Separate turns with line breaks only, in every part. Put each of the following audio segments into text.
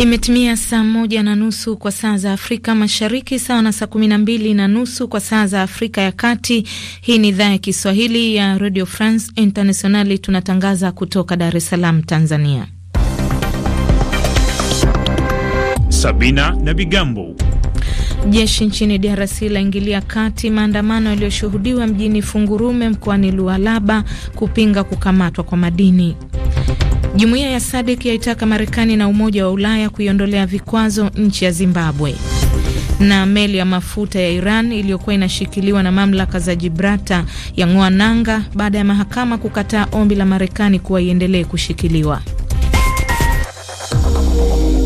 Imetimia saa moja na nusu kwa saa za Afrika Mashariki, sawa na saa kumi na mbili na nusu kwa saa za Afrika ya Kati. Hii ni idhaa ya Kiswahili ya Radio France Internationali, tunatangaza kutoka Dar es Salaam, Tanzania.
Sabina na Bigambo.
Jeshi nchini DRC laingilia kati maandamano yaliyoshuhudiwa mjini Fungurume mkoani Lualaba kupinga kukamatwa kwa madini. Jumuiya ya SADC yaitaka Marekani na Umoja wa Ulaya kuiondolea vikwazo nchi ya Zimbabwe. Na meli ya mafuta ya Iran iliyokuwa inashikiliwa na mamlaka za Jibrata ng'oa nanga baada ya mahakama kukataa ombi la Marekani kuwa iendelee kushikiliwa.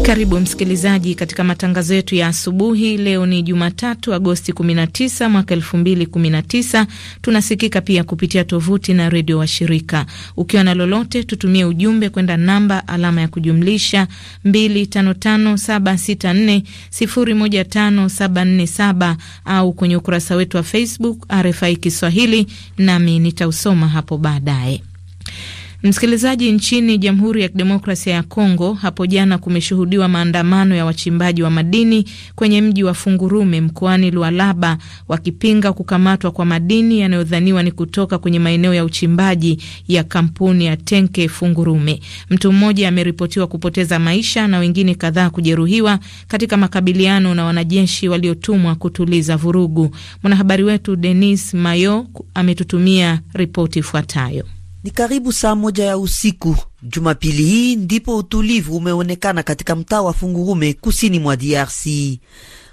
Karibu msikilizaji katika matangazo yetu ya asubuhi. Leo ni Jumatatu, Agosti 19 mwaka 2019. Tunasikika pia kupitia tovuti na redio wa shirika Ukiwa na lolote, tutumie ujumbe kwenda namba alama ya kujumlisha 255764015747 au kwenye ukurasa wetu wa Facebook RFI Kiswahili, nami nitausoma hapo baadaye. Msikilizaji, nchini Jamhuri ya Kidemokrasia ya Kongo hapo jana kumeshuhudiwa maandamano ya wachimbaji wa madini kwenye mji wa Fungurume mkoani Lualaba wakipinga kukamatwa kwa madini yanayodhaniwa ni kutoka kwenye maeneo ya uchimbaji ya kampuni ya Tenke Fungurume. Mtu mmoja ameripotiwa kupoteza maisha na wengine kadhaa kujeruhiwa katika makabiliano na wanajeshi waliotumwa kutuliza vurugu. Mwanahabari wetu Denis Mayo ametutumia ripoti ifuatayo.
Ni karibu saa moja ya usiku Jumapili hii ndipo utulivu umeonekana katika mtaa wa Fungurume kusini mwa DRC.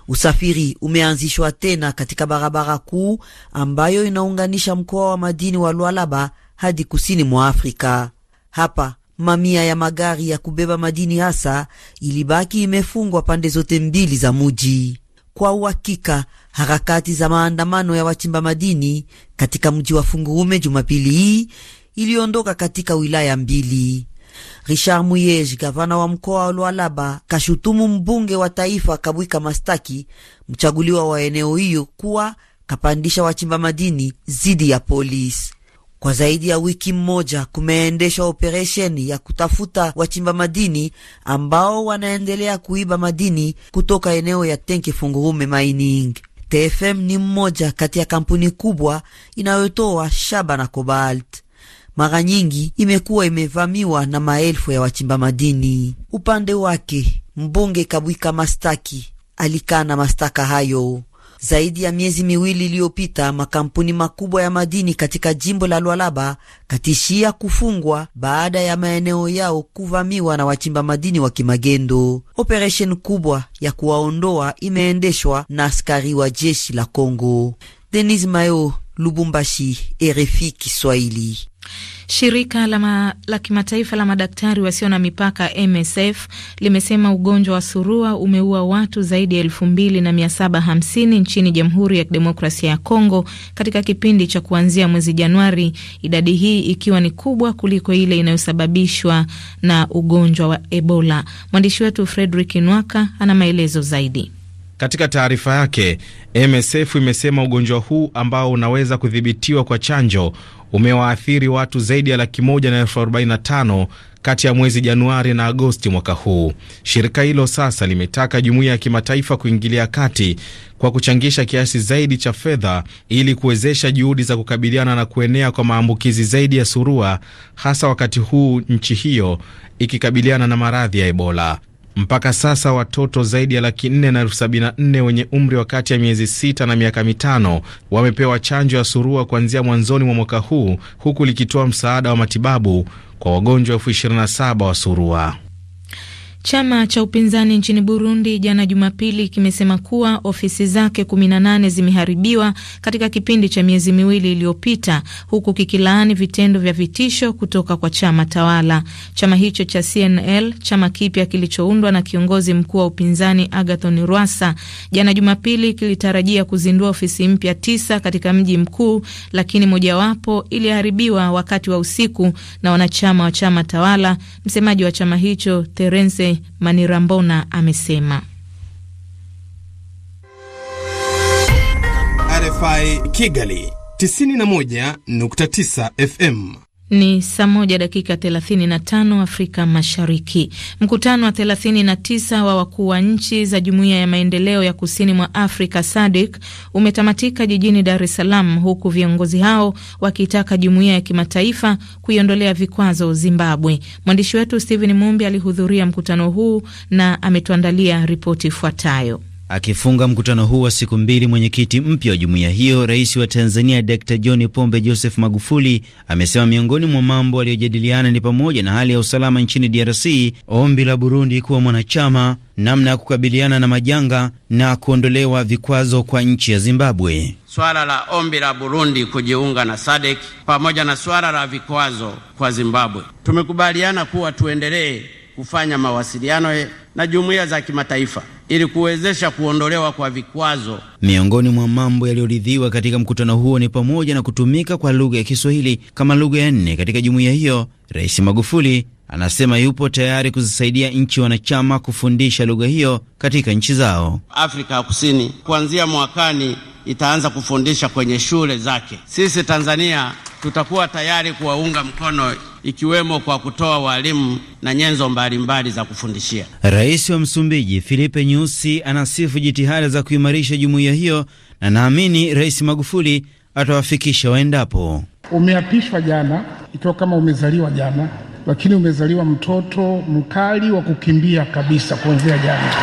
Usafiri umeanzishwa tena katika barabara kuu ambayo inaunganisha mkoa wa madini wa Lualaba hadi kusini mwa Afrika. Hapa mamia ya magari ya kubeba madini hasa ilibaki imefungwa pande zote mbili za muji. Kwa uhakika harakati za maandamano ya wachimba madini katika mji wa Fungurume Jumapili hii iliondoka katika wilaya mbili. Richard Muyeji, gavana wa mkoa wa Lualaba, kashutumu mbunge wa taifa Kabwika Mastaki, mchaguliwa wa eneo hiyo, kuwa kapandisha wachimba madini zidi ya polisi. Kwa zaidi ya wiki mmoja kumeendeshwa operesheni ya kutafuta wachimba madini ambao wanaendelea kuiba madini kutoka eneo ya Tenke Fungurume Mining. TFM ni mmoja kati ya kampuni kubwa inayotoa shaba na cobalt mara nyingi imekuwa imevamiwa na maelfu ya wachimba madini. Upande wake mbunge Kabwika Mastaki alikana mashtaka hayo. Zaidi ya miezi miwili iliyopita, makampuni makubwa ya madini katika jimbo la Lualaba katishia kufungwa baada ya maeneo yao kuvamiwa na wachimba madini wa kimagendo. Operesheni kubwa ya kuwaondoa imeendeshwa na askari wa jeshi la Kongo. Denis Mayo, Lubumbashi, RFI Kiswahili.
Shirika la, ma, la kimataifa la madaktari wasio na mipaka MSF limesema ugonjwa wa surua umeua watu zaidi ya elfu mbili na mia saba hamsini nchini Jamhuri ya Kidemokrasia ya Kongo katika kipindi cha kuanzia mwezi Januari, idadi hii ikiwa ni kubwa kuliko ile inayosababishwa na ugonjwa wa Ebola. Mwandishi wetu fredrick Nwaka ana maelezo zaidi.
Katika taarifa yake, MSF imesema ugonjwa huu ambao unaweza kudhibitiwa kwa chanjo umewaathiri watu zaidi ya laki moja na elfu arobaini na tano kati ya mwezi Januari na Agosti mwaka huu. Shirika hilo sasa limetaka jumuiya ya kimataifa kuingilia kati kwa kuchangisha kiasi zaidi cha fedha ili kuwezesha juhudi za kukabiliana na kuenea kwa maambukizi zaidi ya surua, hasa wakati huu nchi hiyo ikikabiliana na maradhi ya Ebola. Mpaka sasa watoto zaidi ya laki nne na elfu sabini na nne wenye umri wa kati ya miezi sita na miaka mitano wamepewa chanjo ya surua kuanzia mwanzoni mwa mwaka huu huku likitoa msaada wa matibabu kwa wagonjwa elfu ishirini na saba wa surua.
Chama cha upinzani nchini Burundi jana Jumapili kimesema kuwa ofisi zake 18 zimeharibiwa katika kipindi cha miezi miwili iliyopita, huku kikilaani vitendo vya vitisho kutoka kwa chama tawala. Chama hicho cha CNL, chama kipya kilichoundwa na kiongozi mkuu wa upinzani Agathon Rwasa, jana Jumapili kilitarajia kuzindua ofisi mpya tisa katika mji mkuu, lakini mojawapo iliharibiwa wakati wa usiku na wanachama wa chama tawala. Msemaji wa chama hicho Terence Mzee Manirambona amesema.
RFI Kigali 91.9 FM.
Ni saa moja dakika 35 Afrika Mashariki. Mkutano wa 39 wa wakuu wa nchi za Jumuiya ya Maendeleo ya Kusini mwa Afrika SADC umetamatika jijini Dar es Salaam, huku viongozi hao wakiitaka jumuiya ya kimataifa kuiondolea vikwazo Zimbabwe. Mwandishi wetu Stephen Mumbi alihudhuria mkutano huu na ametuandalia ripoti ifuatayo.
Akifunga mkutano huu wa siku mbili, mwenyekiti mpya wa jumuiya hiyo, rais wa Tanzania Dr John Pombe Joseph Magufuli amesema miongoni mwa mambo aliyojadiliana ni pamoja na hali ya usalama nchini DRC, ombi la Burundi kuwa mwanachama, namna ya kukabiliana na majanga na kuondolewa vikwazo kwa nchi ya Zimbabwe,
swala la ombi la Burundi kujiunga na SADC pamoja na swala la
vikwazo
kwa Zimbabwe. Tumekubaliana kuwa tuendelee kufanya mawasiliano na jumuiya za kimataifa ili kuwezesha kuondolewa kwa vikwazo.
Miongoni mwa mambo yaliyoridhiwa katika mkutano huo ni pamoja na kutumika kwa lugha ya Kiswahili kama lugha ya nne katika jumuiya hiyo. Rais Magufuli anasema yupo tayari kuzisaidia nchi wanachama kufundisha lugha hiyo katika nchi zao.
Afrika ya Kusini kuanzia mwakani itaanza kufundisha kwenye shule zake. Sisi Tanzania tutakuwa tayari kuwaunga mkono ikiwemo kwa kutoa walimu na nyenzo mbalimbali mbali za kufundishia.
Rais wa Msumbiji Filipe Nyusi anasifu jitihada za kuimarisha jumuiya hiyo na naamini Rais Magufuli atawafikisha waendapo.
Umeapishwa jana, ikiwa kama umezaliwa jana, lakini umezaliwa mtoto mkali wa kukimbia kabisa kuanzia jana.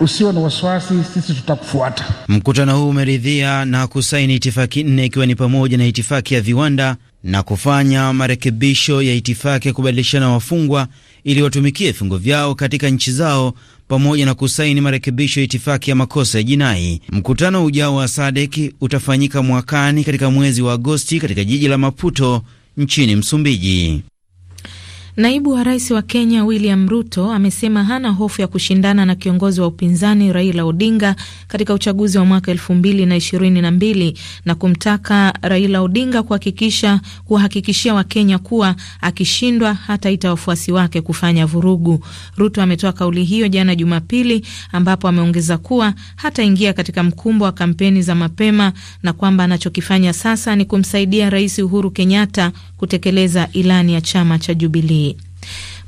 Usiwe na wasiwasi, sisi tutakufuata. Mkutano huu umeridhia na kusaini itifaki nne ikiwa ni pamoja na itifaki ya viwanda na kufanya marekebisho ya itifaki ya kubadilishana wafungwa ili watumikie vifungo vyao katika nchi zao pamoja na kusaini marekebisho ya itifaki ya makosa ya jinai. Mkutano ujao wa SADC utafanyika mwakani katika mwezi wa Agosti katika jiji la Maputo nchini Msumbiji.
Naibu wa rais wa Kenya William Ruto amesema hana hofu ya kushindana na kiongozi wa upinzani Raila Odinga katika uchaguzi wa mwaka elfu mbili na ishirini na mbili na kumtaka Raila Odinga kuhakikisha kuwahakikishia Wakenya kuwa akishindwa hataita wafuasi wake kufanya vurugu. Ruto ametoa kauli hiyo jana Jumapili, ambapo ameongeza kuwa hataingia katika mkumbo wa kampeni za mapema na kwamba anachokifanya sasa ni kumsaidia Rais Uhuru Kenyatta kutekeleza ilani ya chama cha Jubilii.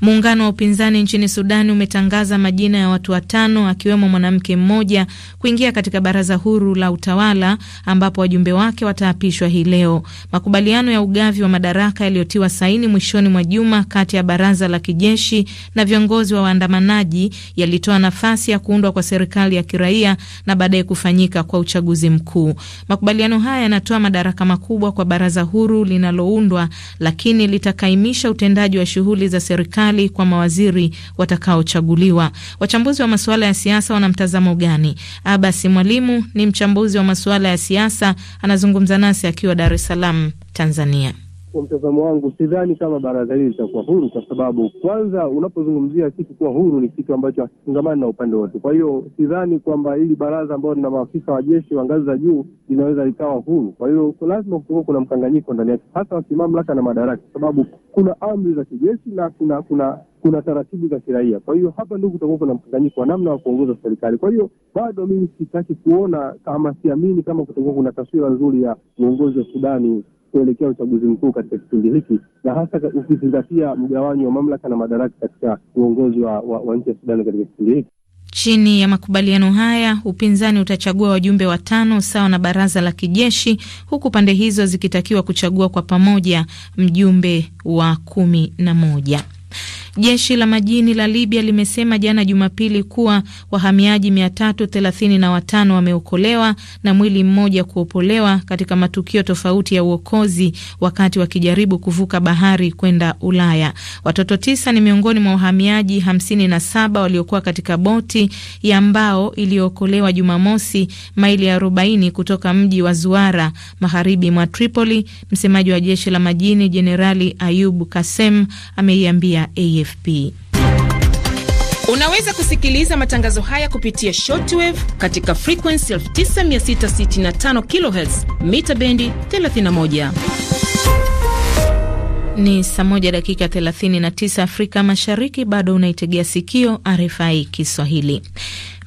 Muungano wa upinzani nchini Sudani umetangaza majina ya watu watano akiwemo mwanamke mmoja kuingia katika baraza huru la utawala ambapo wajumbe wake wataapishwa hii leo. Makubaliano ya ugavi wa madaraka yaliyotiwa saini mwishoni mwa juma kati ya baraza la kijeshi na viongozi wa waandamanaji yalitoa nafasi ya kuundwa kwa serikali ya kiraia na baadaye kufanyika kwa uchaguzi mkuu. Makubaliano haya yanatoa madaraka makubwa kwa baraza huru linaloundwa, lakini litakaimisha utendaji wa shughuli za serikali serikali kwa mawaziri watakaochaguliwa. Wachambuzi wa masuala ya siasa wana mtazamo gani? Abasi Mwalimu ni mchambuzi wa masuala ya siasa, anazungumza nasi akiwa Dar es Salaam, Tanzania
kwa mtazamo
wangu, sidhani kama baraza hili litakuwa huru, kwa sababu kwanza, unapozungumzia kitu kuwa huru ni kitu ambacho hakifungamani na upande wote. Kwa hiyo sidhani kwamba hili baraza ambao lina maafisa wa jeshi wa ngazi za juu linaweza likawa huru. Kwa hiyo lazima kutakuwa kuna mkanganyiko ndani yake, hasa wa na madaraka, kwa sababu kuna amri za kijeshi na kuna kuna kuna taratibu za kiraia. Kwa hiyo hapa ndio kutakuwa kuna mkanganyiko wa namna wa kuongoza serikali. Kwa hiyo bado mimi sitaki kuona kama, siamini kama kutakuwa kuna taswira nzuri ya uongozi wa Sudani kuelekea uchaguzi mkuu katika kipindi hiki, na hasa ukizingatia mgawanyo wa mamlaka na madaraka katika uongozi wa, wa, wa nchi ya Sudani katika kipindi hiki.
Chini ya makubaliano haya, upinzani utachagua wajumbe watano sawa na baraza la kijeshi, huku pande hizo zikitakiwa kuchagua kwa pamoja mjumbe wa kumi na moja. Jeshi la majini la Libya limesema jana Jumapili kuwa wahamiaji 335 wameokolewa na mwili mmoja kuopolewa katika matukio tofauti ya uokozi wakati wakijaribu kuvuka bahari kwenda Ulaya. Watoto tisa ni miongoni mwa wahamiaji 57 waliokuwa katika boti ya mbao iliyookolewa Jumamosi, maili 40 kutoka mji wa Zuara magharibi mwa Tripoli. Msemaji wa jeshi la majini Jenerali Ayub Kasem ameiambia AFP. AFP. Unaweza kusikiliza matangazo haya kupitia shortwave katika frequency 9665 kHz mita bendi 31. Ni saa moja dakika 39 Afrika Mashariki. Bado unaitegea sikio RFI Kiswahili.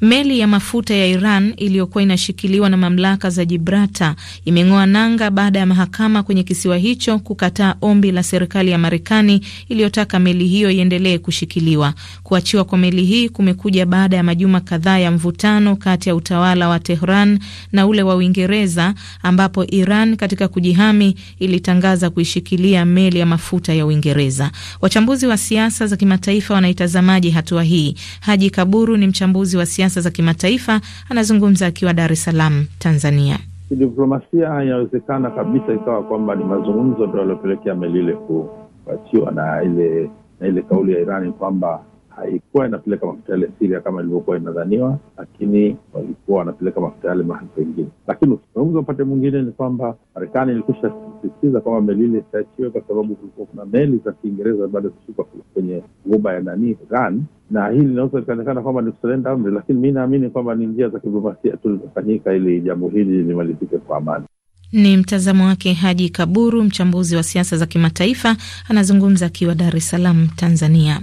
Meli ya mafuta ya Iran iliyokuwa inashikiliwa na mamlaka za Jibrata imeng'oa nanga baada ya mahakama kwenye kisiwa hicho kukataa ombi la serikali ya Marekani iliyotaka meli hiyo iendelee kushikiliwa. Kuachiwa kwa meli hii kumekuja baada ya majuma kadhaa ya mvutano kati ya utawala wa Tehran na ule wa Uingereza, ambapo Iran katika kujihami ilitangaza kuishikilia meli ya mafuta ya Uingereza. Wachambuzi wa siasa za kimataifa wanaitazamaji hatua hii. Haji Kaburu ni mchambuzi wa siasa siasa za kimataifa, anazungumza akiwa Dar es Salaam, Tanzania.
Kidiplomasia inawezekana kabisa ikawa kwamba ni mazungumzo ndo yaliopelekea meli ile kuachiwa na ile na ile kauli ya Irani kwamba haikuwa inapeleka mafuta yale Siria kama ilivyokuwa inadhaniwa, lakini walikuwa wanapeleka mafuta yale mahali pengine. Lakini ukizungumza upande mwingine ni kwamba Marekani ilikusha sisitiza kwamba meli ile isiachiwe kwa sababu kulikuwa kuna meli za Kiingereza bado kushuka kwenye guba ya nani Iran, na hili linaweza likaonekana kwamba ni kusalenda amri, lakini mi naamini kwamba ni njia za kidiplomasia tu zitafanyika ili jambo hili limalizike kwa amani.
Ni mtazamo wake Haji Kaburu, mchambuzi wa siasa za kimataifa, anazungumza akiwa Dar es Salaam, Tanzania.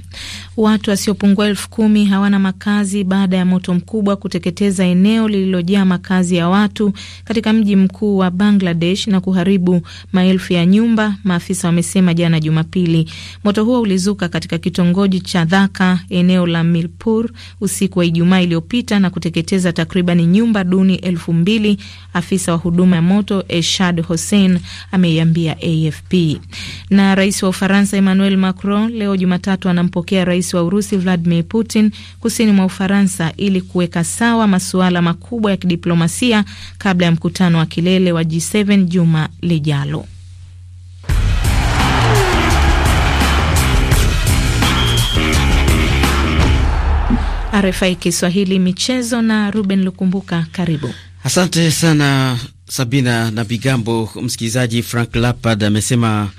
Watu wasiopungua elfu kumi hawana makazi baada ya moto mkubwa kuteketeza eneo lililojaa makazi ya watu katika mji mkuu wa Bangladesh na kuharibu maelfu ya nyumba, maafisa wamesema jana Jumapili. Moto huo ulizuka katika kitongoji cha Dhaka, eneo la Milpur, usiku wa Ijumaa iliyopita na kuteketeza takriban nyumba duni elfu mbili, afisa wa huduma ya moto Eshad Hossein ameiambia AFP. Na rais wa Ufaransa Emmanuel Macron leo Jumatatu anampokea rais wa Urusi Vladimir Putin kusini mwa Ufaransa ili kuweka sawa masuala makubwa ya kidiplomasia kabla ya mkutano wa kilele wa G7 juma lijalo. RFI Kiswahili michezo na Ruben Lukumbuka, karibu.
Asante sana Sabina na Bigambo. Msikilizaji, Frank Lampard amesema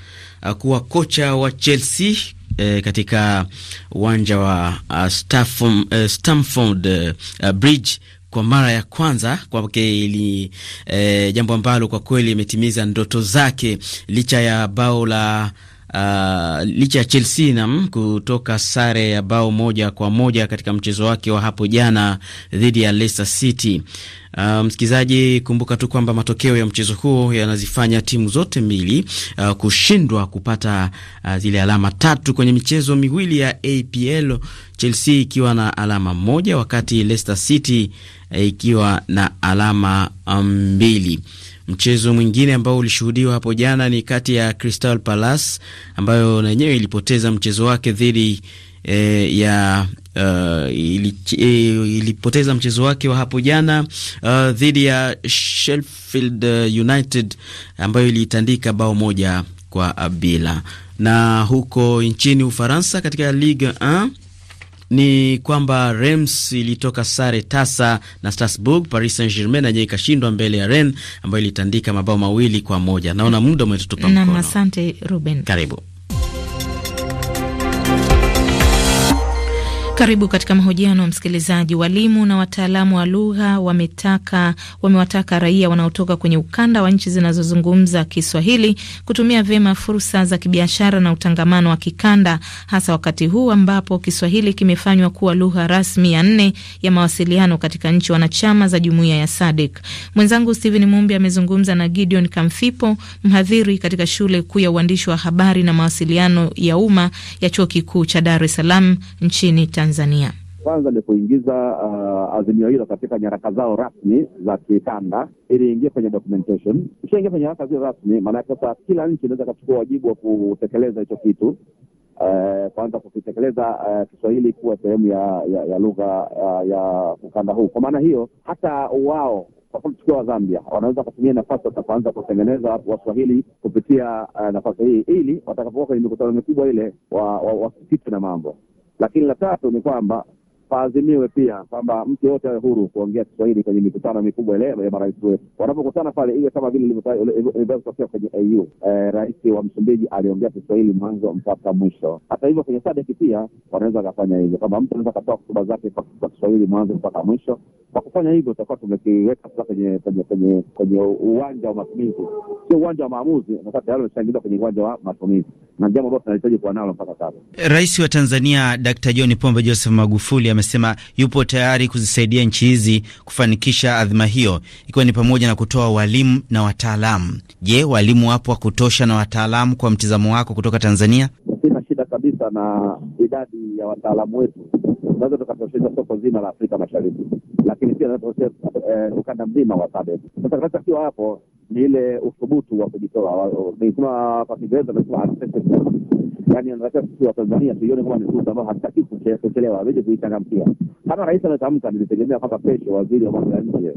uh, kuwa kocha wa Chelsea eh, katika uwanja wa uh, eh, Stamford uh, Bridge kwa mara ya kwanza kwake ili eh, jambo ambalo kwa kweli imetimiza ndoto zake licha ya bao la Uh, licha ya Chelsea nam mm, kutoka sare ya bao moja kwa moja katika mchezo wake wa hapo jana dhidi ya Leicester City. Uh, msikilizaji, kumbuka tu kwamba matokeo ya mchezo huo yanazifanya timu zote mbili uh, kushindwa kupata uh, zile alama tatu kwenye michezo miwili ya APL, Chelsea ikiwa na alama moja wakati Leicester City uh, ikiwa na alama mm, mbili. Mchezo mwingine ambao ulishuhudiwa hapo jana ni kati ya Crystal Palace ambayo na yenyewe ilipoteza mchezo wake dhidi e, ya uh, ili, eh, ilipoteza mchezo wake wa hapo jana uh, dhidi ya Sheffield United ambayo iliitandika bao moja kwa bila. Na huko nchini Ufaransa katika Ligue 1 ni kwamba rems ilitoka sare tasa na Strasbourg. Paris Saint Germain naye ikashindwa mbele ya Rennes ambayo ilitandika mabao mawili kwa moja. Naona muda umetutupa mkono.
Asante Ruben, karibu Karibu katika mahojiano, msikilizaji. Walimu na wataalamu wa lugha wametaka wamewataka raia wanaotoka kwenye ukanda wa nchi zinazozungumza Kiswahili kutumia vyema fursa za kibiashara na utangamano wa kikanda, hasa wakati huu ambapo Kiswahili kimefanywa kuwa lugha rasmi ya nne ya mawasiliano katika nchi wanachama za jumuiya ya SADC. Mwenzangu stephen Mumbi amezungumza na Gideon Kamfipo, mhadhiri katika shule kuu ya uandishi wa habari na mawasiliano ya umma ya chuo kikuu cha Dar es Salaam nchini Tanzania. Tanzania.
Kwanza ni kuingiza uh, azimio hilo katika nyaraka zao rasmi za kikanda, ili ingie kwenye documentation. Ikishaingia kwenye nyaraka zile rasmi, maanake sasa kila nchi inaweza ikachukua wajibu wa kutekeleza hicho kitu. Uh, kwanza kukitekeleza uh, Kiswahili kuwa sehemu ya, ya, ya lugha ya, uh, ya ukanda huu. Kwa maana hiyo hata wao chukua wa Zambia wanaweza kutumia nafasi watakaanza kutengeneza Waswahili kupitia uh, nafasi hii, ili watakapokuwa kwenye mikutano mikubwa ile wasipitwe wa, wa na mambo lakini la tatu ni kwamba paazimiwe pia kwamba mtu yote awe huru kuongea Kiswahili kwenye mikutano mikubwa ile ya marais wetu wanapokutana pale, iwe kama vile ilivyotokea kwenye AU. Eh, rais wa Msumbiji aliongea Kiswahili mwanzo mpaka mwisho. Hata hivyo kwenye SADC pia wanaweza akafanya hivyo, kwamba mtu anaweza akatoa hotuba zake kwa Kiswahili mwanzo mpaka mwisho. Kwa kufanya hivyo, tutakuwa tumekiweka sasa kwenye kwenye kwenye uwanja wa matumizi, sio uwanja wa maamuzi. Sasa tayari umeshaingizwa kwenye uwanja wa matumizi, na jambo ambalo tunahitaji kuwa nalo mpaka sasa.
Rais wa Tanzania Dkt. John Pombe Joseph Magufuli ame amesema yupo tayari kuzisaidia nchi hizi kufanikisha adhima hiyo, ikiwa ni pamoja na kutoa walimu na wataalamu. Je, walimu wapo wa kutosha na wataalamu kwa mtizamo wako kutoka Tanzania?
Sina shida kabisa na idadi ya wataalamu wetu, tunaweza tukatosheza soko zima la Afrika Mashariki, lakini pia eh, ukanda mzima wa SADC. Sasa kinachotakiwa hapo ni ile uthubutu wa kujitoa, kwa Kiingereza yani anataka sisi wa Tanzania tuione kama ni fursa ambayo hatutaki kuchelewa, hawezi kuichangamkia. Kama rais ametamka, nilitegemea kwamba kesho waziri wa mambo ya nje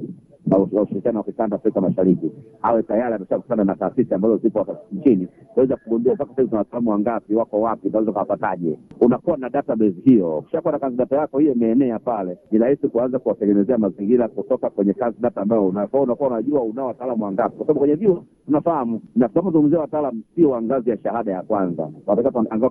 wa ushirikiano wa kikanda Afrika Mashariki awe tayari amesha kukutana na taasisi ambazo zipo hapa nchini kuweza kugundua mpaka sasa tuna wataalamu wangapi wako wapi, unaweza ukawapataje. Unakuwa na database hiyo, ukishakuwa na kazi data yako hiyo imeenea pale, ni rahisi kuanza kuwatengenezea mazingira kutoka kwenye kazi data ambayo unakuwa unakuwa unajua unao wataalamu wangapi, kwa sababu kwenye vyuo tunafahamu, na tunapozungumzia wataalamu sio wa ngazi ya shahada ya kwanza, wanatakiwa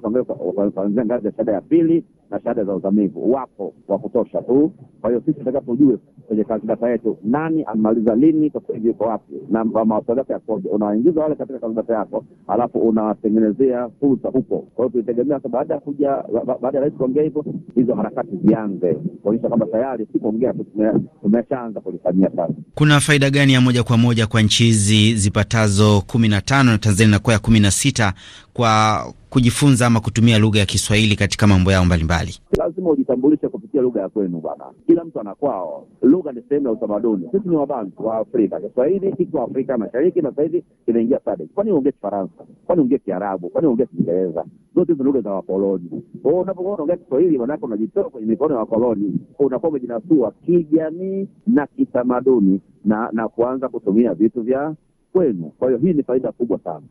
kuanzia ngazi ya shahada ya pili na shahada za uzamivu. Wapo wa kutosha tu. Kwa hiyo sisi tunataka tujue kwenye kazi data yetu nani amaliza lini, sasa hivi yuko wapi, na mawasiliano yake Unawaingiza wale katika kalibata yako, alafu unawatengenezea
fursa huko. Kwa
hiyo tulitegemea sasa, baada ya kuja, baada ya rais kuongea hivyo, hizo harakati zianze kuonyesha kwamba tayari si tu, tumeshaanza kulifanyia sasa.
Kuna faida gani ya moja kwa moja kwa nchi hizi zipatazo kumi na tano na Tanzania inakuwa ya kumi na sita kwa kujifunza ama kutumia lugha ya Kiswahili katika mambo yao mbalimbali?
Lazima ujitambulishe mnasikia lugha ya kwenu bana kila mtu anakwao. Lugha ni sehemu ya utamaduni. Sisi ni wabantu wa Afrika. Kiswahili kiko Afrika Mashariki na sahizi kinaingia SADC. Kwani uongee Kifaransa? Kwani uongee Kiarabu? Kwani uongee Kiingereza? Zote hizo lugha za wakoloni. Kwao unapokuwa unaongea Kiswahili, maanake unajitoa kwenye mikono ya wakoloni, unakuwa umejinasua kijamii na kitamaduni na na kuanza kutumia vitu vya kwenu. Kwa hiyo hii ni faida kubwa sana.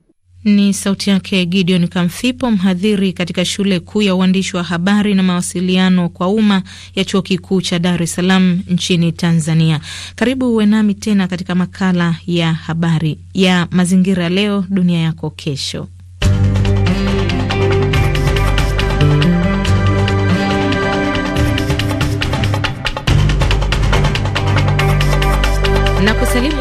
Ni sauti yake Gideon Kamfipo, mhadhiri katika shule kuu ya uandishi wa habari na mawasiliano kwa umma ya chuo kikuu cha Dar es Salaam nchini Tanzania. Karibu uwe nami tena katika makala ya habari ya mazingira, leo dunia yako kesho.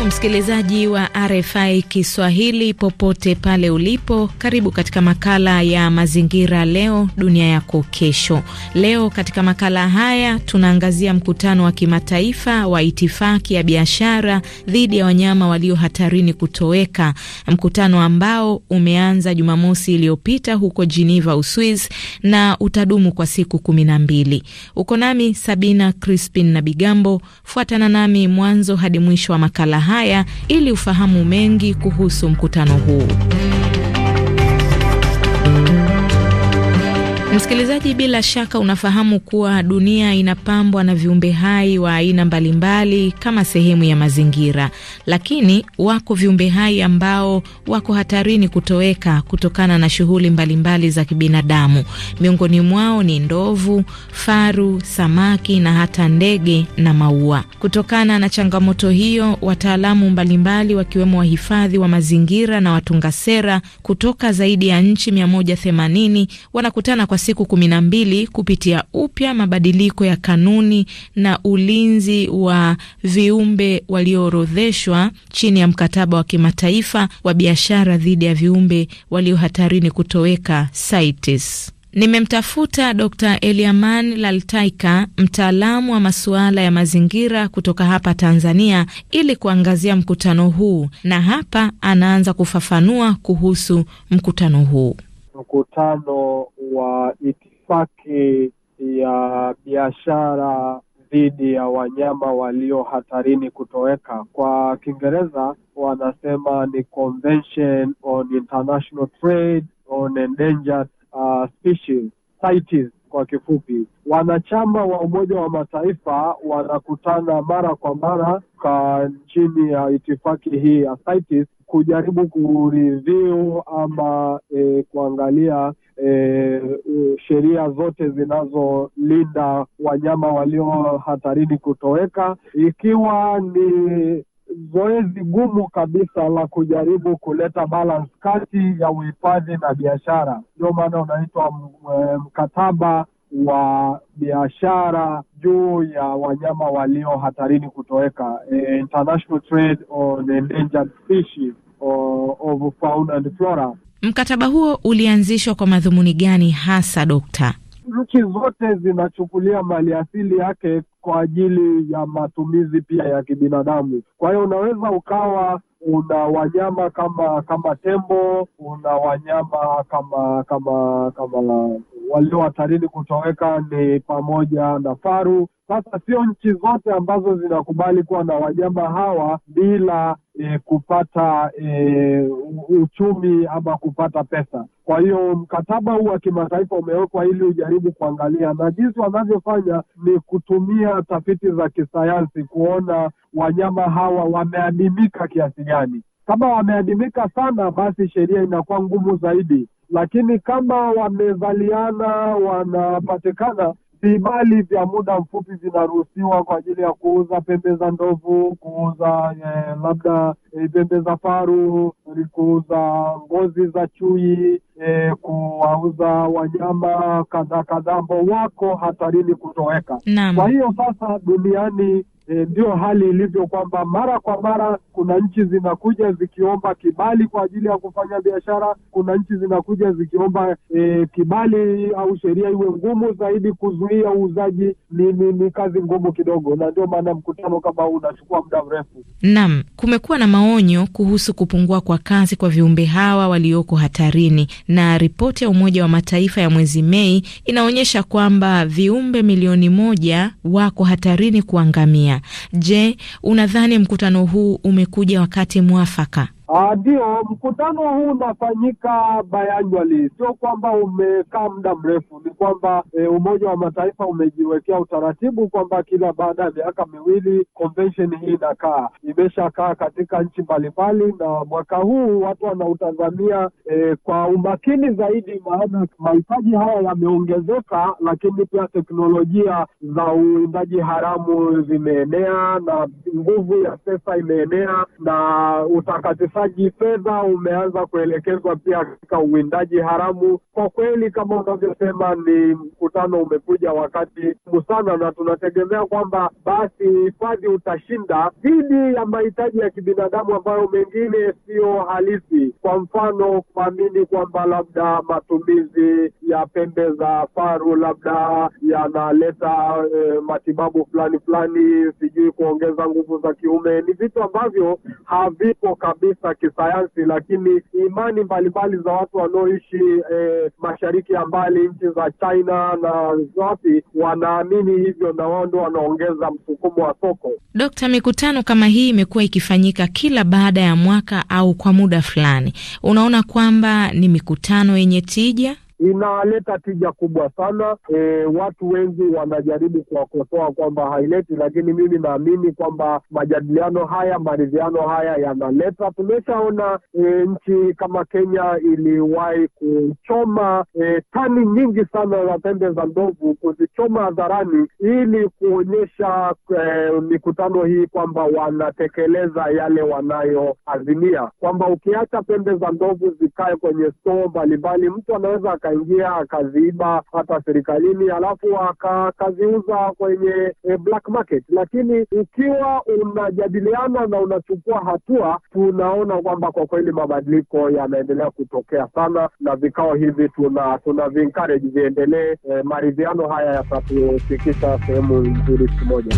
Msikilizaji wa RFI Kiswahili popote pale ulipo, karibu katika makala ya mazingira leo dunia yako kesho. Leo katika makala haya tunaangazia mkutano wa kimataifa wa itifaki ya biashara dhidi ya wanyama walio hatarini kutoweka, mkutano ambao umeanza Jumamosi iliyopita huko Geneva, Uswiz na utadumu kwa siku kumi na mbili. Uko nami Sabina Crispin na Bigambo, fuatana nami mwanzo hadi mwisho wa makala haya haya ili ufahamu mengi kuhusu mkutano huu. Msikilizaji, bila shaka unafahamu kuwa dunia inapambwa na viumbe hai wa aina mbalimbali kama sehemu ya mazingira, lakini wako viumbe hai ambao wako hatarini kutoweka kutokana na shughuli mbalimbali za kibinadamu. Miongoni mwao ni ndovu, faru, samaki na hata ndege na maua. Kutokana na changamoto hiyo, wataalamu mbalimbali wakiwemo wahifadhi wa mazingira na watunga sera kutoka zaidi ya nchi 180 wanakutana kwa siku kumi na mbili kupitia upya mabadiliko ya kanuni na ulinzi wa viumbe walioorodheshwa chini ya mkataba wa kimataifa wa biashara dhidi ya viumbe walio hatarini kutoweka CITES. Nimemtafuta Dr Eliaman Laltaika, mtaalamu wa masuala ya mazingira kutoka hapa Tanzania, ili kuangazia mkutano huu, na hapa anaanza kufafanua kuhusu mkutano huu
mkutano wa itifaki ya biashara dhidi ya wanyama walio hatarini kutoweka. Kwa Kiingereza wanasema ni Convention on International Trade on Endangered uh, Species CITES kwa kifupi. Wanachama wa Umoja wa Mataifa wanakutana mara kwa mara ka chini ya itifaki hii ya CITES kujaribu kureview ama e, kuangalia e, sheria zote zinazolinda wanyama walio hatarini kutoweka, ikiwa ni zoezi gumu kabisa la kujaribu kuleta balance kati ya uhifadhi na biashara. Ndio maana unaitwa e, mkataba wa biashara juu ya wanyama walio hatarini kutoweka, eh, International Trade on Endangered Species eh, of Fauna and Flora.
Mkataba huo ulianzishwa kwa madhumuni gani hasa, Dokta?
Nchi zote zinachukulia mali asili yake kwa ajili ya matumizi pia ya kibinadamu. Kwa hiyo unaweza ukawa una wanyama kama kama tembo, una wanyama kama kama kama walio hatarini kutoweka ni pamoja na faru. Sasa sio nchi zote ambazo zinakubali kuwa na wanyama hawa bila e, kupata e, uchumi ama kupata pesa. Kwa hiyo mkataba huu wa kimataifa umewekwa ili ujaribu kuangalia, na jinsi wanavyofanya ni kutumia tafiti za kisayansi kuona wanyama hawa wameadimika kiasi gani. Kama wameadimika sana, basi sheria inakuwa ngumu zaidi lakini kama wamevaliana, wanapatikana, vibali vya muda mfupi vinaruhusiwa kwa ajili ya kuuza pembe za ndovu, kuuza eh, labda e, za faru, kuuza ngozi za chui e, kuwauza wanyama kadhaa kadhaa ambao wako hatarini kutoweka. Kwa hiyo sasa duniani e, ndio e, hali ilivyo kwamba mara kwa mara kuna nchi zinakuja zikiomba kibali kwa ajili ya kufanya biashara. Kuna nchi zinakuja zikiomba e, kibali au sheria iwe ngumu zaidi kuzuia uuzaji. Ni, ni, ni kazi ngumu kidogo, na ndio maana mkutano kama huu unachukua muda
mrefu. Naam, kumekuwa na maonyo kuhusu kupungua kwa kasi kwa viumbe hawa walioko hatarini, na ripoti ya Umoja wa Mataifa ya mwezi Mei inaonyesha kwamba viumbe milioni moja wako hatarini kuangamia. Je, unadhani mkutano huu umekuja wakati mwafaka?
Ah, ndio, mkutano huu unafanyika bayanjwali sio kwamba umekaa muda mrefu. Ni kwamba e, Umoja wa Mataifa umejiwekea utaratibu kwamba kila baada ya miaka miwili convention hii inakaa, imeshakaa katika nchi mbalimbali, na mwaka huu watu wanautazamia e, kwa umakini zaidi, maana mahitaji haya yameongezeka, lakini pia teknolojia za uwindaji haramu zimeenea na nguvu ya pesa imeenea na utakatifu ukosaji fedha umeanza kuelekezwa pia katika uwindaji haramu. Kwa kweli, kama unavyosema, ni mkutano umekuja wakati sana na tunategemea kwamba basi uhifadhi utashinda dhidi ya mahitaji ya kibinadamu ambayo mengine siyo halisi, kwa mfano kuamini kwamba labda matumizi ya pembe za faru labda yanaleta e, matibabu fulani fulani, sijui kuongeza nguvu za kiume, ni vitu ambavyo havipo kabisa za kisayansi, lakini imani mbalimbali za watu wanaoishi e, mashariki ya mbali, nchi za China na wapi, wanaamini hivyo na wao ndo wanaongeza msukumo wa
soko. Dokta, mikutano kama hii imekuwa ikifanyika kila baada ya mwaka au kwa muda fulani, unaona kwamba ni mikutano yenye tija?
inaleta tija kubwa sana. E, watu wengi wanajaribu kuwakosoa kwamba haileti, lakini mimi naamini kwamba majadiliano haya, maridhiano haya yanaleta. Tumeshaona e, nchi kama Kenya iliwahi kuchoma e, tani nyingi sana za pembe za ndovu, kuzichoma hadharani ili kuonyesha e, mikutano hii kwamba wanatekeleza yale wanayoazimia, kwamba ukiacha pembe za ndovu zikae kwenye stoo mbalimbali, mtu anaweza akaingia akaziiba hata serikalini, alafu akaziuza kwenye e, black market. Lakini ukiwa unajadiliana na unachukua hatua, tunaona kwamba kwa kweli mabadiliko yanaendelea kutokea sana, na vikao hivi tuna tuna vi-encourage viendelee. E, maridhiano haya yatatufikisha sehemu nzuri
siku moja.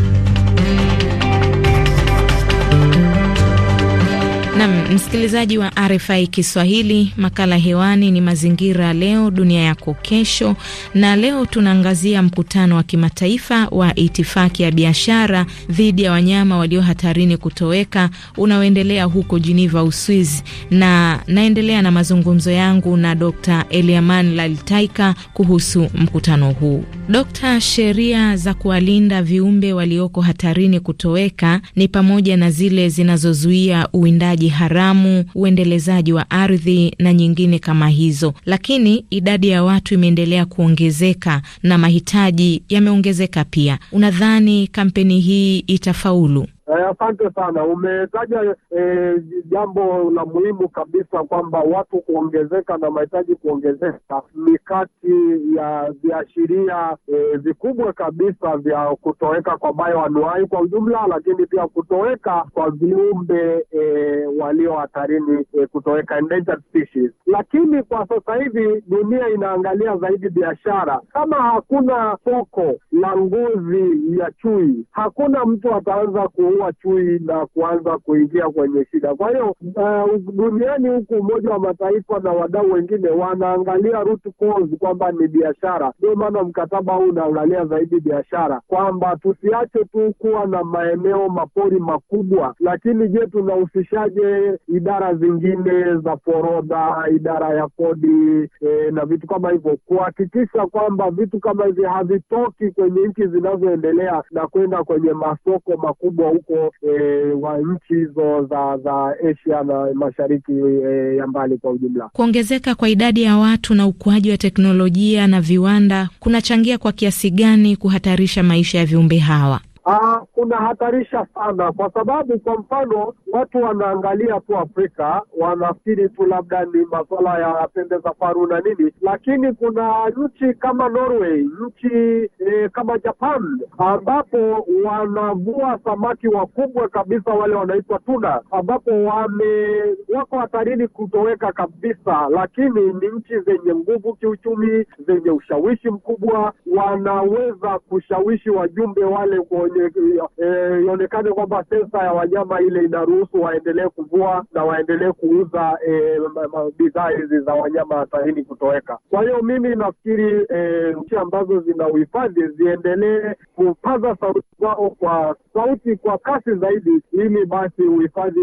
Nam msikilizaji wa RFI Kiswahili, makala hewani ni mazingira, leo dunia yako kesho, na leo tunaangazia mkutano wa kimataifa wa itifaki ya biashara dhidi ya wanyama walio hatarini kutoweka unaoendelea huko jiniva Uswizi, na naendelea na mazungumzo yangu na Dr Eliaman Laltaika kuhusu mkutano huu. Dr, sheria za kuwalinda viumbe walioko hatarini kutoweka ni pamoja na zile zinazozuia uwindaji upangaji haramu, uendelezaji wa ardhi na nyingine kama hizo. Lakini idadi ya watu imeendelea kuongezeka na mahitaji yameongezeka pia. Unadhani kampeni hii itafaulu?
Eh, asante sana. Umetaja eh, jambo la muhimu kabisa kwamba watu kuongezeka na mahitaji kuongezeka ni kati ya viashiria eh, vikubwa kabisa vya kutoweka kwa bayoanuai kwa ujumla, lakini pia kutoweka kwa viumbe eh, walio hatarini eh, kutoweka endangered species. Lakini kwa sasa hivi dunia inaangalia zaidi biashara. Kama hakuna soko la ngozi ya chui, hakuna mtu ataweza ku kuua chui na kuanza kuingia kwenye shida. Kwa hiyo uh, duniani huku Umoja wa Mataifa na wadau wengine wanaangalia root cause kwamba ni biashara. Ndio maana mkataba huu unaangalia zaidi biashara, kwamba tusiache tu kuwa na maeneo mapori makubwa, lakini je, tunahusishaje idara zingine za forodha, idara ya kodi e, na vitu kama hivyo, kuhakikisha kwamba vitu kama hivi havitoki kwenye nchi zinazoendelea na kwenda kwenye masoko makubwa huku huko e, eh, wa nchi hizo za za Asia na mashariki e, ya mbali kwa ujumla.
Kuongezeka kwa idadi ya watu na ukuaji wa teknolojia na viwanda kunachangia kwa kiasi gani kuhatarisha maisha ya viumbe hawa?
Ah, kuna hatarisha sana, kwa sababu kwa mfano watu wanaangalia tu Afrika wanafikiri tu labda ni masuala ya pembe za faru na nini, lakini kuna nchi kama Norway, nchi eh, kama Japan ambapo wanavua samaki wakubwa kabisa wale wanaitwa tuna, ambapo wame wako hatarini kutoweka kabisa, lakini ni nchi zenye nguvu kiuchumi, zenye ushawishi mkubwa, wanaweza kushawishi wajumbe wale kwenye Eh, ionekane kwamba sensa ya wanyama ile inaruhusu waendelee kuvua na waendelee kuuza e, bidhaa hizi za wanyama hatarini kutoweka. Kwa hiyo mimi nafikiri eh, nchi ambazo zina uhifadhi ziendelee kupaza sauti zao kwa sauti kwa kasi zaidi, ili basi uhifadhi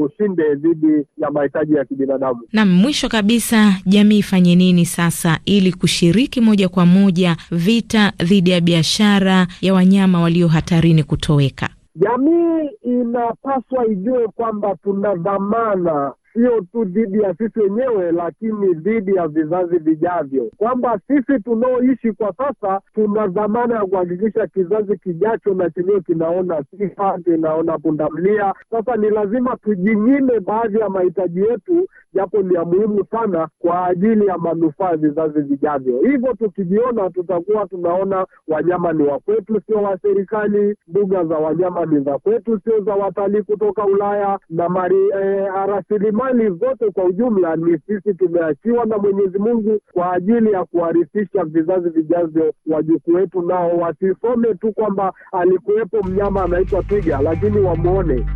ushinde dhidi ya mahitaji ya kibinadamu.
Na mwisho kabisa, jamii ifanye nini sasa ili kushiriki moja kwa moja vita dhidi ya biashara ya wanyama wa walio hatarini kutoweka.
Jamii inapaswa ijue kwamba tuna dhamana sio tu dhidi ya sisi wenyewe, lakini dhidi ya vizazi vijavyo, kwamba sisi tunaoishi kwa sasa tuna dhamana ya kuhakikisha kizazi kijacho na chenyewe kinaona sifa, kinaona pundamlia. Sasa ni lazima tujinyime baadhi ya mahitaji yetu, japo ni ya muhimu sana kwa ajili ya manufaa ya vizazi vijavyo. Hivyo tukijiona, tutakuwa tunaona wanyama ni wa kwetu, sio wa serikali. Mbuga za wanyama ni za kwetu, sio za watalii kutoka Ulaya na mari, eh, rasilimali imani zote kwa ujumla ni sisi tumeachiwa na Mwenyezi Mungu kwa ajili ya kuharithisha vizazi vijavyo, wajukuu wetu nao wasisome tu kwamba alikuwepo mnyama anaitwa twiga, lakini wamwone.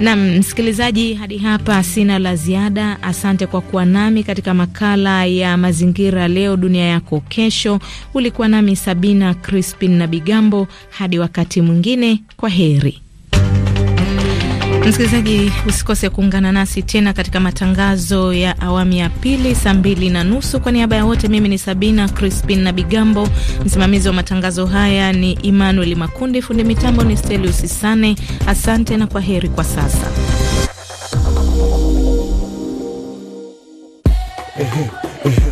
Nam msikilizaji, hadi hapa sina la ziada. Asante kwa kuwa nami katika makala ya mazingira leo, dunia yako kesho. Ulikuwa nami Sabina Crispin na Bigambo. Hadi wakati mwingine, kwa heri. Msikilizaji, usikose kuungana nasi tena katika matangazo ya awamu ya pili saa mbili na nusu. Kwa niaba ya wote, mimi ni Sabina Crispin na Bigambo, msimamizi wa matangazo haya ni Emmanuel Makundi, fundi mitambo ni Stelius Sane. Asante na kwa heri kwa sasa.
Ehe, ehe.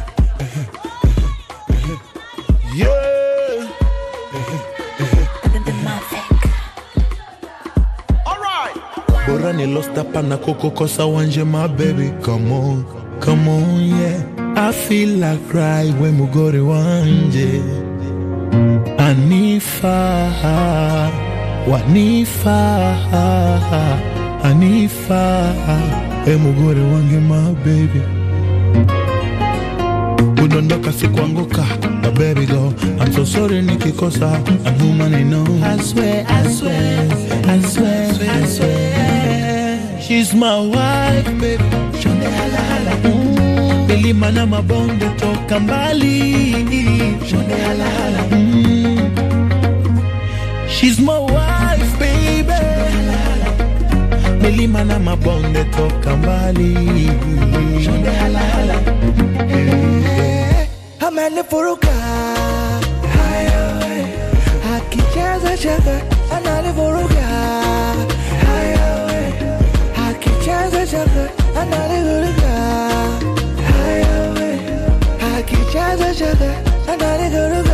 Bora ni lost hapa na kukukosa wanje my baby Come on, come on yeah I feel like cry we mugore wanje Anifa, wanifa, anifa we mugore wange my baby Kudondoka sikuanguka my baby go I'm so sorry nikikosa I'm human I know I swear, I swear, I swear, I swear. I swear. She's my wife, baby. Shonde hala hala. Mm. Milima na mabonde toka mbali. Shonde hala hala. Mm. She's my wife, baby. Shonde hala hala. Milima na mabonde toka mbali. Shonde hala hala.
Mm. Amani furuka. Hakicheza shaka. Anani I gotta go to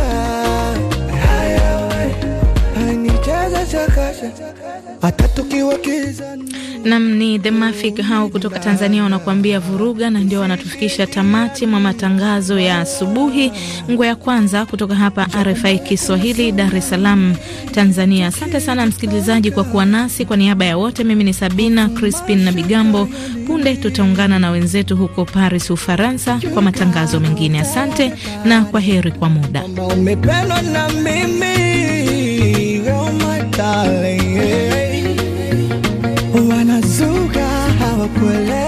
Nam ni The Mafik hao kutoka Tanzania wanakuambia vuruga, na ndio wanatufikisha tamati mwa matangazo ya asubuhi, nguo ya kwanza kutoka hapa RFI Kiswahili, Dar es Salaam, Tanzania. Asante sana msikilizaji kwa kuwa nasi. Kwa niaba ya wote, mimi ni Sabina Crispin na Bigambo. Punde tutaungana na wenzetu huko Paris, Ufaransa, kwa matangazo mengine. Asante na kwa heri kwa muda. let left